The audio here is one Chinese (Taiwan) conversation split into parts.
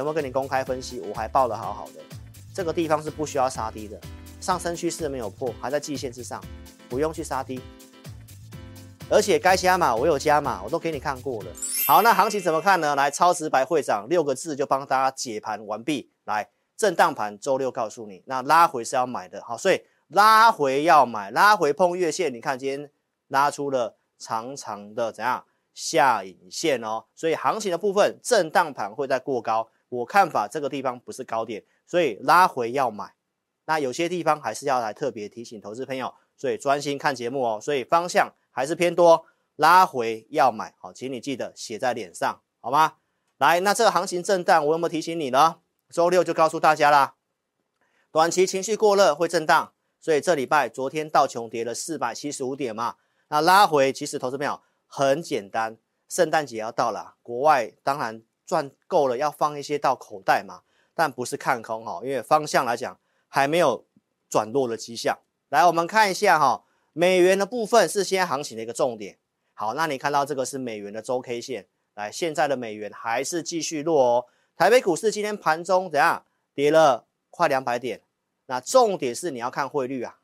有沒有跟你公開分析？我還報得好好的，這個地方是不需要殺低的，上升趨勢沒有破，還在季線之上，不用去殺低。而且該加碼我有加碼，我都給你看過了。好，那行情怎麼看呢？來，超直白會長六個字就幫大家解盤完畢。來，震盪盤周六告訴你。那拉回是要買的，好，所以拉回要買，拉回碰月線，你看今天拉出了長長的怎樣下影線哦，所以行情的部分震盪盤會再過高。我看法，這個地方不是高點，所以拉回要買。那有些地方還是要來特別提醒投資朋友，所以專心看節目哦。所以方向還是偏多，拉回要買。好，請你記得寫在臉上，好嗎？來，那這個行情震盪，我有沒有提醒你呢？週六就告訴大家啦，短期情緒過熱會震盪，所以這禮拜昨天道瓊跌了四百七十五點嘛。那拉回，其實投資朋友很簡單，聖誕節要到了，國外當然。賺夠了要放一些到口袋嘛，但不是看空哈、哦，因為方向來講還沒有轉弱的跡象。來，我們看一下哈、哦，美元的部分是現在行情的一個重點。好，那你看到這個是美元的周 K 線，來，現在的美元還是繼續落哦。台北股市今天盤中怎樣？跌了快兩百點。那重點是你要看匯率啊。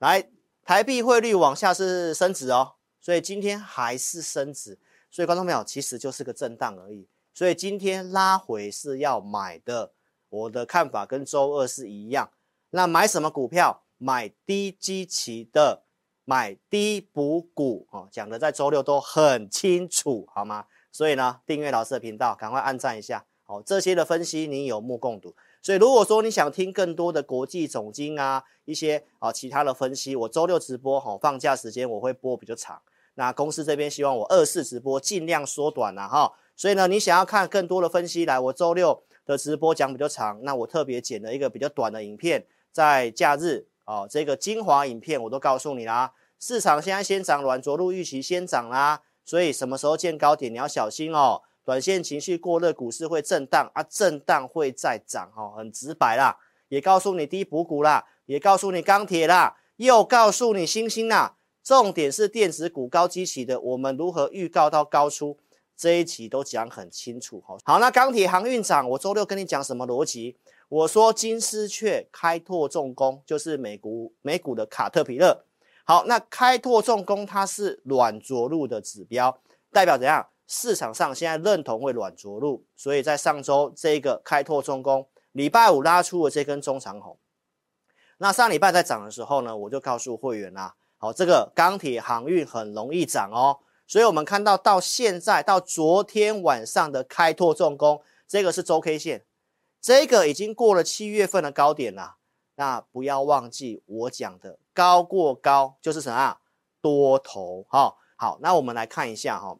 來，台幣匯率往下是升值哦，所以今天還是升值。所以觀眾朋友其實就是個震盪而已。所以今天拉回是要買的，我的看法跟周二是一樣。那買什麼股票？買低基期的，買低補股哦。講的在周六都很清楚，好嗎？所以呢，訂閱老師的頻道，趕快按讚一下好，這些的分析你有目共睹。所以如果說你想聽更多的國際總經啊，一些啊其他的分析，我周六直播哈，放假時間我會播比較長。那公司這邊希望我二次直播盡量縮短了哈。所以呢，你想要看更多的分析來，來我周六的直播講比較長，那我特別剪了一個比較短的影片，在假日哦。這個精華影片我都告訴你啦。市場現在先漲軟，軟着陸預期先漲啦，所以什麼時候見高點，你要小心哦。短線情緒過熱，股市會震盪啊，震盪會再漲哦，很直白啦。也告訴你低補股啦，也告訴你鋼鐵啦，又告訴你新興啦，重點是電子股高基期的，我們如何預告到高出？這一集都講很清楚。好，那鋼鐵航運漲，我周六跟你講什麼邏輯？我說金絲雀開拓重工，就是美股美股的卡特彼勒。好，那開拓重工它是軟着陸的指標，代表怎樣？市場上現在認同會軟着陸，所以在上周這一個開拓重工禮拜五拉出了這根中長紅。那上禮拜在漲的時候呢，我就告訴會員啦、啊，好，這個鋼鐵航運很容易漲哦。所以我們看到到現在到昨天晚上的開拓重工，這個是周 K 線，這個已經過了七月份的高點啦。那不要忘記我講的高過高就是什麼、啊，多頭哈、哦。好，那我們來看一下哈、哦，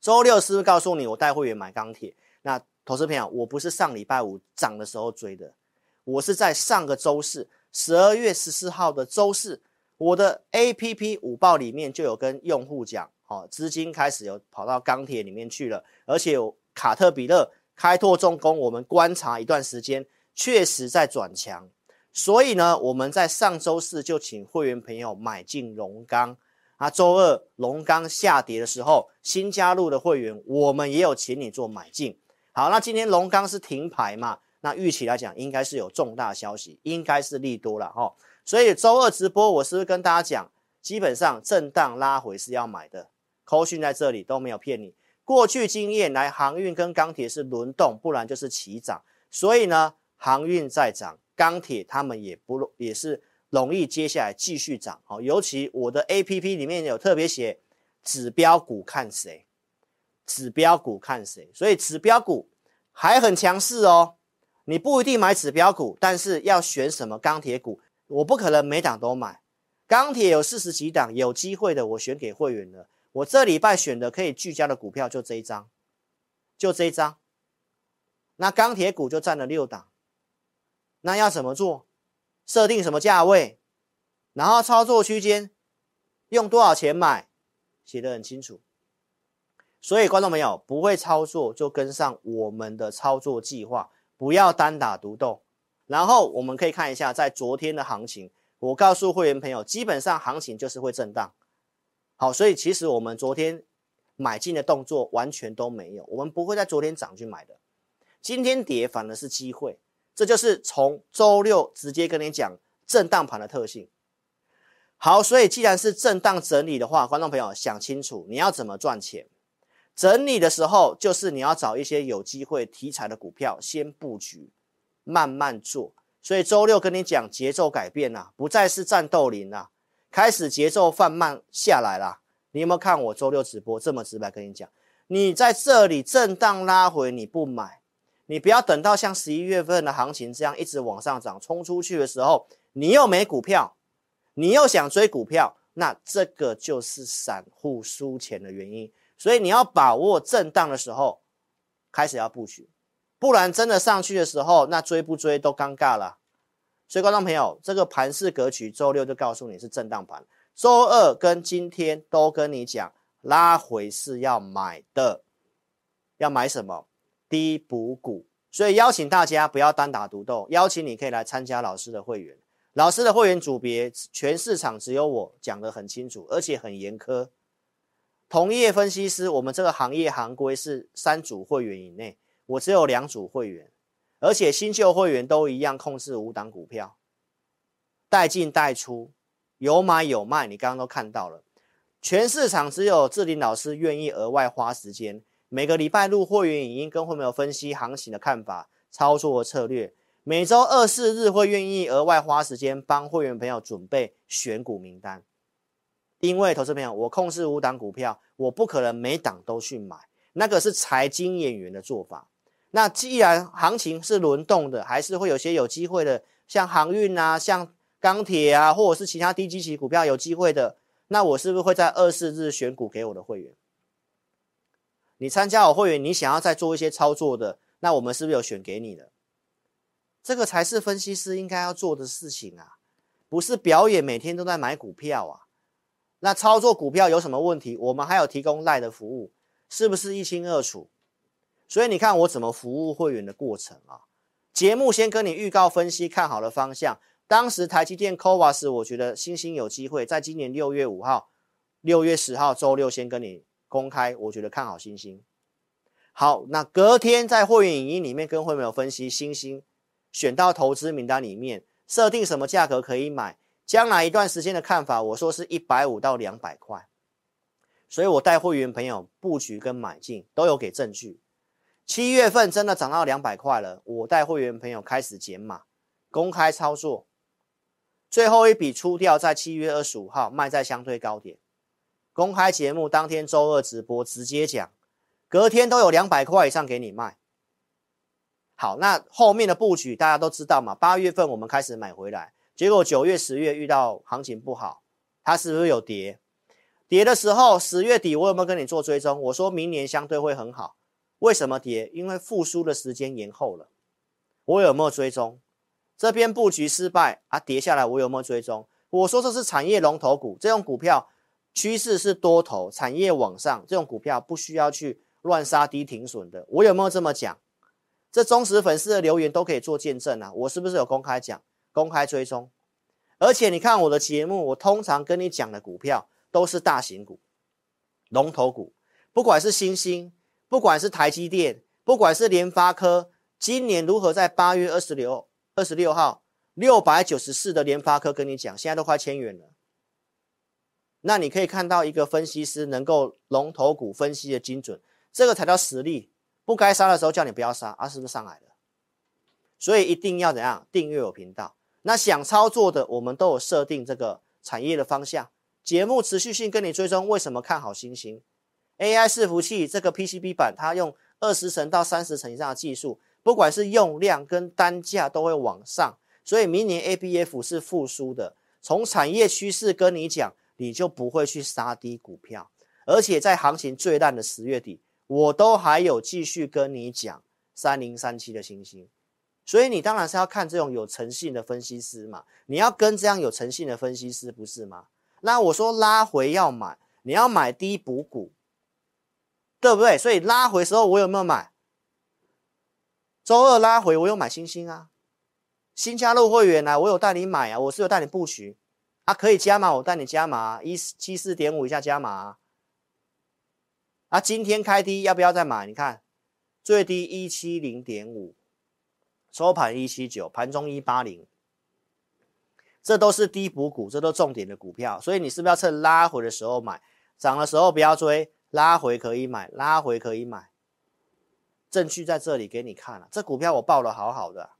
周六是不是告訴你我帶會員買鋼鐵？那投資朋友，我不是上禮拜五漲的時候追的，我是在上個周四十二月十四號的周四，我的 APP 午報裡面就有跟用戶講。好，哦、資金開始有跑到鋼鐵裡面去了，而且有卡特彼勒、開拓重工，我們觀察一段時間，確實在轉強。所以呢，我們在上周四就請會員朋友買進龍鋼。啊，周二龍鋼下跌的時候，新加入的會員，我們也有請你做買進。好，那今天龍鋼是停牌嘛？那預期來講，應該是有重大消息，應該是利多了哈、哦。所以周二直播，我是不是跟大家講，基本上震盪拉回是要買的。科訊在這裡都沒有騙你，過去經驗來，航運跟鋼鐵是輪動，不然就是起漲。所以呢，航運在漲，鋼鐵他們也不也是容易接下來繼續漲。好、哦，尤其我的 APP 裡面有特別寫，指標股看誰，指標股看誰，所以指標股還很強勢哦。你不一定買指標股，但是要選什麼鋼鐵股，我不可能每檔都買。鋼鐵有四十幾檔，有機會的我選給會員了。我這禮拜選的可以聚焦的股票就這一張，就這一張。那鋼鐵股就佔了六檔，那要怎麼做？設定什麼價位，然後操作區間，用多少錢買，寫得很清楚。所以觀眾朋友不會操作，就跟上我們的操作計劃，不要單打獨鬥。然後我們可以看一下，在昨天的行情，我告訴會員朋友，基本上行情就是會震盪。好，所以其實我們昨天買進的動作完全都沒有，我們不會在昨天漲去買的，今天跌反而是機會，這就是從周六直接跟你講震盪盤的特性。好，所以既然是震盪整理的話，觀眾朋友想清楚你要怎麼賺錢，整理的時候就是你要找一些有機會題材的股票先布局，慢慢做。所以周六跟你講節奏改變了啊，不再是戰鬥林了啊。開始節奏放慢下來了，你有沒有看我周六直播？這麼直白跟你講，你在這裡震盪拉回，你不買，你不要等到像十一月份的行情這樣一直往上漲，衝出去的時候，你又沒股票，你又想追股票，那這個就是散戶輸錢的原因。所以你要把握震盪的時候開始要佈局，不然真的上去的時候，那追不追都尷尬了。所以，觀眾朋友，這個盤勢格局，周六就告訴你是震盪盤，周二跟今天都跟你講，拉回是要買的，要買什麼？低補股。所以邀請大家不要單打獨鬥，邀請你可以來參加老師的會員，老師的會員組別，全市場只有我講得很清楚，而且很嚴苛。同業分析師，我們這個行業行規是三組會員以內，我只有兩組會員。而且新舊會員都一樣，控制五檔股票，帶進帶出，有買有賣，你剛剛都看到了。全市場只有智霖老師願意額外花時間，每個禮拜錄會員語音，跟會員有分析行情的看法、操作和策略。每週二、四、日會願意額外花時間幫會員朋友準備選股名單。因為投資朋友，我控制五檔股票，我不可能每檔都去買，那個是財經演員的做法。那既然行情是輪動的，還是會有些有機會的，像航運啊，像鋼鐵啊，或者是其他低基期股票有機會的，那我是不是會在24日選股給我的會員？你參加我會員，你想要再做一些操作的，那我們是不是有選給你的？這個才是分析師應該要做的事情啊，不是表演每天都在買股票啊。那操作股票有什麼問題？我們還有提供賴的服務，是不是一清二楚？所以你看我怎麼服務會員的過程啊？節目先跟你預告分析看好了方向。當時台積電 CoWoS 時，我覺得星星有機會，在今年六月五號、六月十號周六先跟你公開，我覺得看好星星。好，那隔天在會員影音裡面跟會員有分析星星選到投資名單裡面，設定什麼價格可以買，將來一段時間的看法，我說是一百五到兩百塊。所以我帶會員朋友布局跟買進都有給證據。七月份真的漲到兩百塊了，我帶會員朋友開始減碼，公開操作，最後一筆出掉在七月二十五號，賣在相對高點。公開節目當天周二直播直接講，隔天都有兩百塊以上給你賣。好，那後面的布局大家都知道嘛，八月份我們開始買回來，結果九月、十月遇到行情不好，它是不是有跌？跌的時候十月底我有沒有跟你做追蹤？我說明年相對會很好。為什麼跌？因為復甦的時間延後了。我有沒有追蹤？這邊布局失敗啊，跌下來我有沒有追蹤？我說這是產業龍頭股，這種股票趨勢是多頭，產業往上，這種股票不需要去亂殺低停損的。我有沒有這麼講？這忠實粉絲的留言都可以做見證啊！我是不是有公開講、公開追蹤？而且你看我的節目，我通常跟你講的股票都是大型股、龍頭股，不管是新興。不管是台積電，不管是聯發科，今年如何在八月二十六二十六號六百九十四的聯發科跟你講，現在都快千元了。那你可以看到一個分析師能夠龍頭股分析的精準，這個才叫實力。不該殺的時候叫你不要殺啊，是不是上來了？所以一定要怎樣？訂閱我頻道？那想操作的，我們都有設定這個產業的方向，節目持續性跟你追蹤為什麼看好新興。AI 伺服器這個 PCB 板，它用二十層到三十層以上的技術，不管是用量跟單價都會往上，所以明年 ABF 是復甦的。從產業趨勢跟你講，你就不會去殺低股票，而且在行情最爛的十月底，我都還有繼續跟你講三零三七的欣興，所以你當然是要看這種有誠信的分析師嘛，你要跟這樣有誠信的分析師不是嗎？那我說拉回要買，你要買低補股。對不對？所以拉回時候我有沒有買？週二拉回我有買星星啊，新加入會員呢、啊，我有帶你買啊，我是有帶你布局啊，可以加碼，我帶你加碼一七四點五以下加碼啊，啊。今天開低要不要再買？你看最低一七零點五，收盤一七九，盤中一八零，這都是低補股，這都重點的股票，所以你是不是要趁拉回的時候買，漲的時候不要追。拉回可以買，拉回可以買，證據在這裡給你看了，啊。這股票我報的好好的，啊，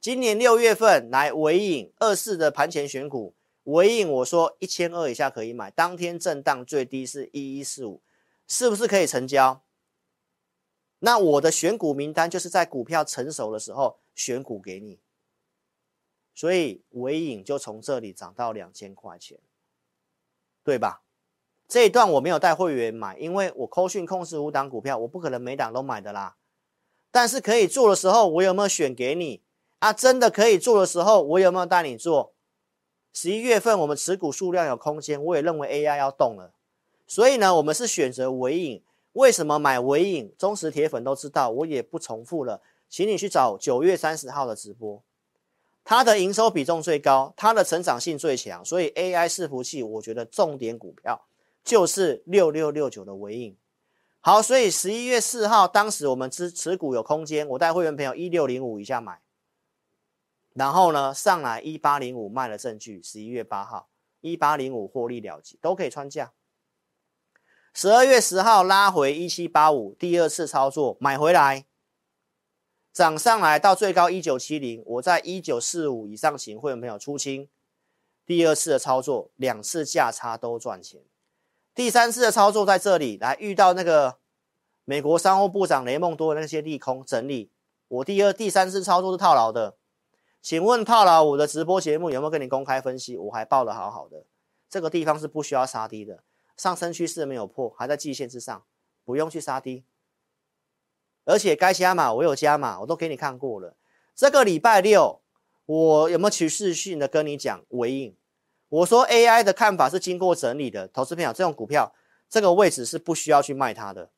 今年六月份來尾影二四的盤前選股，尾影我說一千二以下可以買，當天震盪最低是一一四五，是不是可以成交？那我的選股名單就是在股票成熟的時候選股給你，所以尾影就從這裡漲到兩千塊錢，對吧？這一段我沒有帶會員買，因為我扣訊控制五檔股票，我不可能每檔都買的啦。但是可以做的時候，我有沒有選給你啊？真的可以做的時候，我有沒有帶你做？十一月份我們持股數量有空間，我也認為 AI 要動了，所以呢，我們是選擇緯穎。為什麼買緯穎？忠實鐵粉都知道，我也不重複了，請你去找九月三十號的直播，它的營收比重最高，它的成長性最強，所以 AI 伺服器我覺得重點股票。就是六六六九的緯穎，好，所以十一月四號當時我們持持股有空間，我帶會員朋友一六零五以下買，然後呢，上來一八零五賣了，證據十一月八號一八零五獲利了結，都可以穿價。十二月十號拉回一七八五，第二次操作買回來，漲上來到最高一九七零，我在一九四五以上行，會員朋友出清，第二次的操作兩次價差都賺錢。第三次的操作在這裡，來遇到那個美國商務部長雷蒙多的那些利空整理，我第二、第三次操作是套牢的。請問套牢我的直播節目有沒有跟你公開分析？我還抱的好好的，這個地方是不需要殺低的，上升趨勢沒有破，還在季線之上，不用去殺低。而且該加碼我有加碼，我都給你看過了。這個禮拜六我有沒有取勢性的跟你講回應？我說 AI 的看法是經過整理的，投資朋友，這種股票這個位置是不需要去賣它的。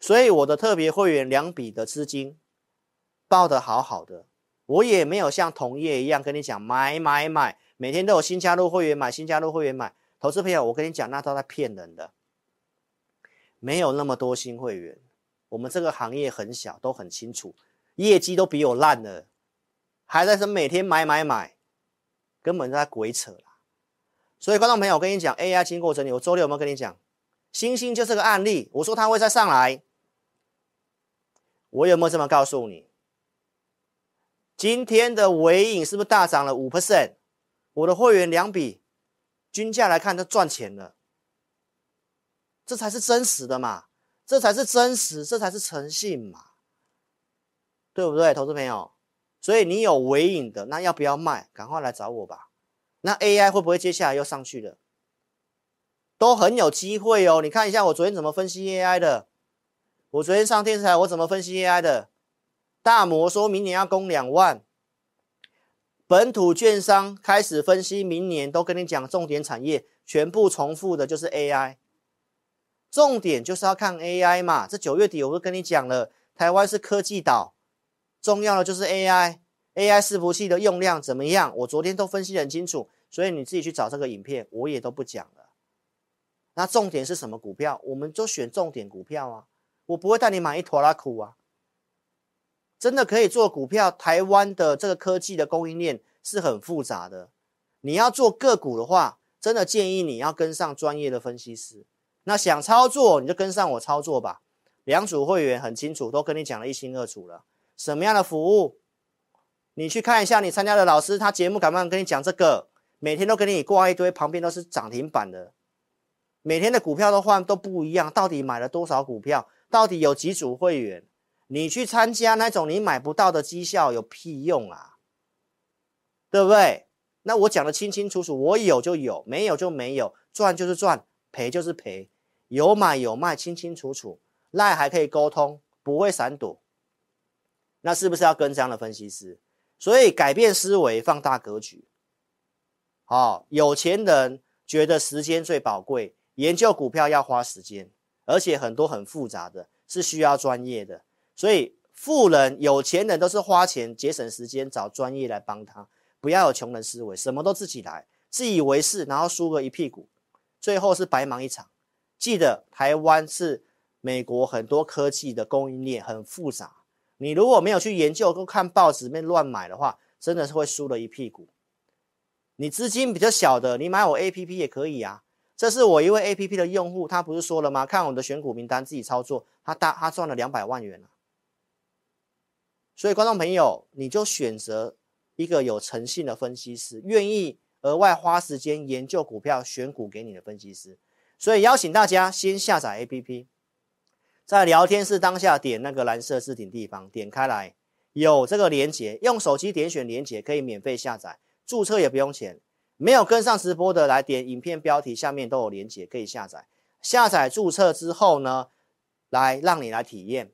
所以我的特別會員兩筆的資金抱得好好的，我也沒有像同業一樣跟你講買買買，每天都有新加入會員買新加入會員買。投資朋友，我跟你講那都在騙人的，沒有那麼多新會員，我們這個行業很小，都很清楚，業績都比我爛了，還在說每天買買買。根本就在鬼扯啦！所以觀眾朋友，我跟你講，AI 經過整理，我週六有沒有跟你講？星星就是個案例，我說它會再上來，我有沒有這麼告訴你？今天的緯穎是不是大漲了五 percent？我的會員兩筆均價來看，它賺錢了，這才是真實的嘛！這才是真實，這才是誠信嘛！對不對，投資朋友？所以你有微影的，那要不要賣？趕快來找我吧。那 AI 會不會接下來又上去了？都很有機會哦。你看一下我昨天怎麼分析 AI 的，我昨天上電視台我怎麼分析 AI 的。大摩說明年要攻兩萬，本土券商開始分析明年都跟你講重點產業，全部重複的就是 AI。重點就是要看 AI 嘛。這九月底我都跟你講了，台灣是科技島。重要的就是 AI，AI AI 伺服器的用量怎麼樣？我昨天都分析得很清楚，所以你自己去找這個影片，我也都不講了。那重點是什麼股票？我們就選重點股票啊，我不會帶你買一拖拉庫啊。真的可以做股票，台灣的這個科技的供應鏈是很複雜的。你要做個股的話，真的建議你要跟上專業的分析師。那想操作你就跟上我操作吧，兩組會員很清楚，都跟你講的一清二楚了。什麼樣的服務？你去看一下，你參加的老師，他節目敢不敢跟你講這個？每天都給你掛一堆，旁邊都是漲停板的，每天的股票都換都不一樣。到底買了多少股票？到底有幾組會員？你去參加那種你買不到的績效，有屁用啊？對不對？那我講的清清楚楚，我有就有，沒有就沒有，賺就是賺，賠就是賠，賠是賠，有買有賣，清清楚楚，賴還可以溝通，不會閃躲。那是不是要跟這樣的分析師？所以改變思維，放大格局。好、哦，有錢人覺得時間最寶貴，研究股票要花時間，而且很多很複雜的是需要專業的。所以富人、有錢人都是花錢節省時間，找專業來幫他，不要有窮人思維，什麼都自己來，自以為是，然後輸個一屁股，最後是白忙一場。記得台灣是美國很多科技的供應鏈，很複雜。你如果沒有去研究，都看報紙裡面亂買的話，真的是會輸了一屁股。你資金比較小的，你買我 APP 也可以啊。這是我一位 APP 的用戶，他不是說了嗎？看我的選股名單，自己操作，他大他賺了兩百萬元啊。所以，觀眾朋友，你就選擇一個有誠信的分析師，願意額外花時間研究股票選股給你的分析師。所以，邀請大家先下載 APP。在聊天室當下點那個藍色置頂地方，點開來有這個鏈接，用手機點選鏈接可以免費下載，注冊也不用錢。沒有跟上直播的來點影片標題下面都有鏈接可以下載，下載注冊之後呢，來讓你來體驗。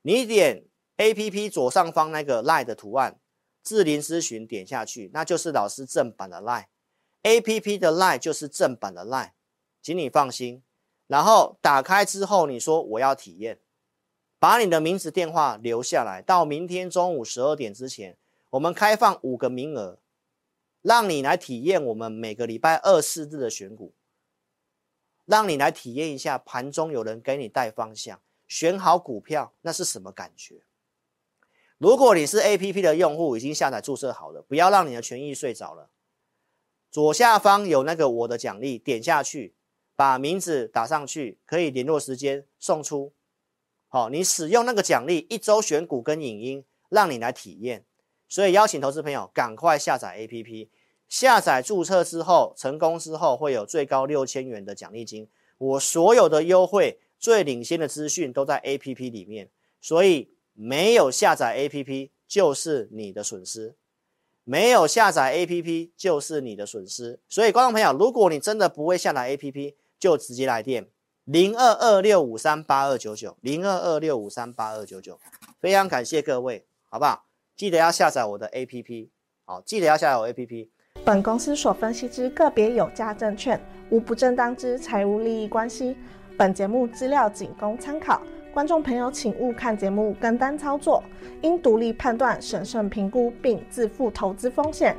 你點 A P P 左上方那個賴的圖案，智霖諮詢點下去，那就是老師正版的賴，A P P 的賴就是正版的賴，請你放心。然後打開之後，你說我要體驗，把你的名字電話留下來，到明天中午十二點之前，我們開放五個名額，讓你來體驗我們每個禮拜二四日的選股，讓你來體驗一下盤中有人給你帶方向，選好股票那是什麼感覺？如果你是 APP 的用戶，已經下載注冊好了，不要讓你的權益睡着了，左下方有那個我的獎勵，點下去。把名字打上去，可以聯絡時間送出。好，你使用那個獎勵一周選股跟影音，讓你來體驗。所以邀請投資朋友趕快下載 APP，下載註冊之後成功之後會有最高六千元的獎勵金。我所有的優惠最領先的資訊都在 APP 裡面，所以沒有下載 APP 就是你的損失。沒有下載 APP 就是你的損失。所以觀眾朋友，如果你真的不會下載 APP，就直接來電零二二六五三八二九九零二二六五三八二九九，99, 99, 非常感謝各位，好不好？記得要下載我的 APP，好，記得要下載我的 APP。本公司所分析之個別有價證券，無不正當之財務利益關係。本節目資料僅供參考，觀眾朋友請勿看節目跟單操作，應獨立判斷、審慎評估並自負投資風險。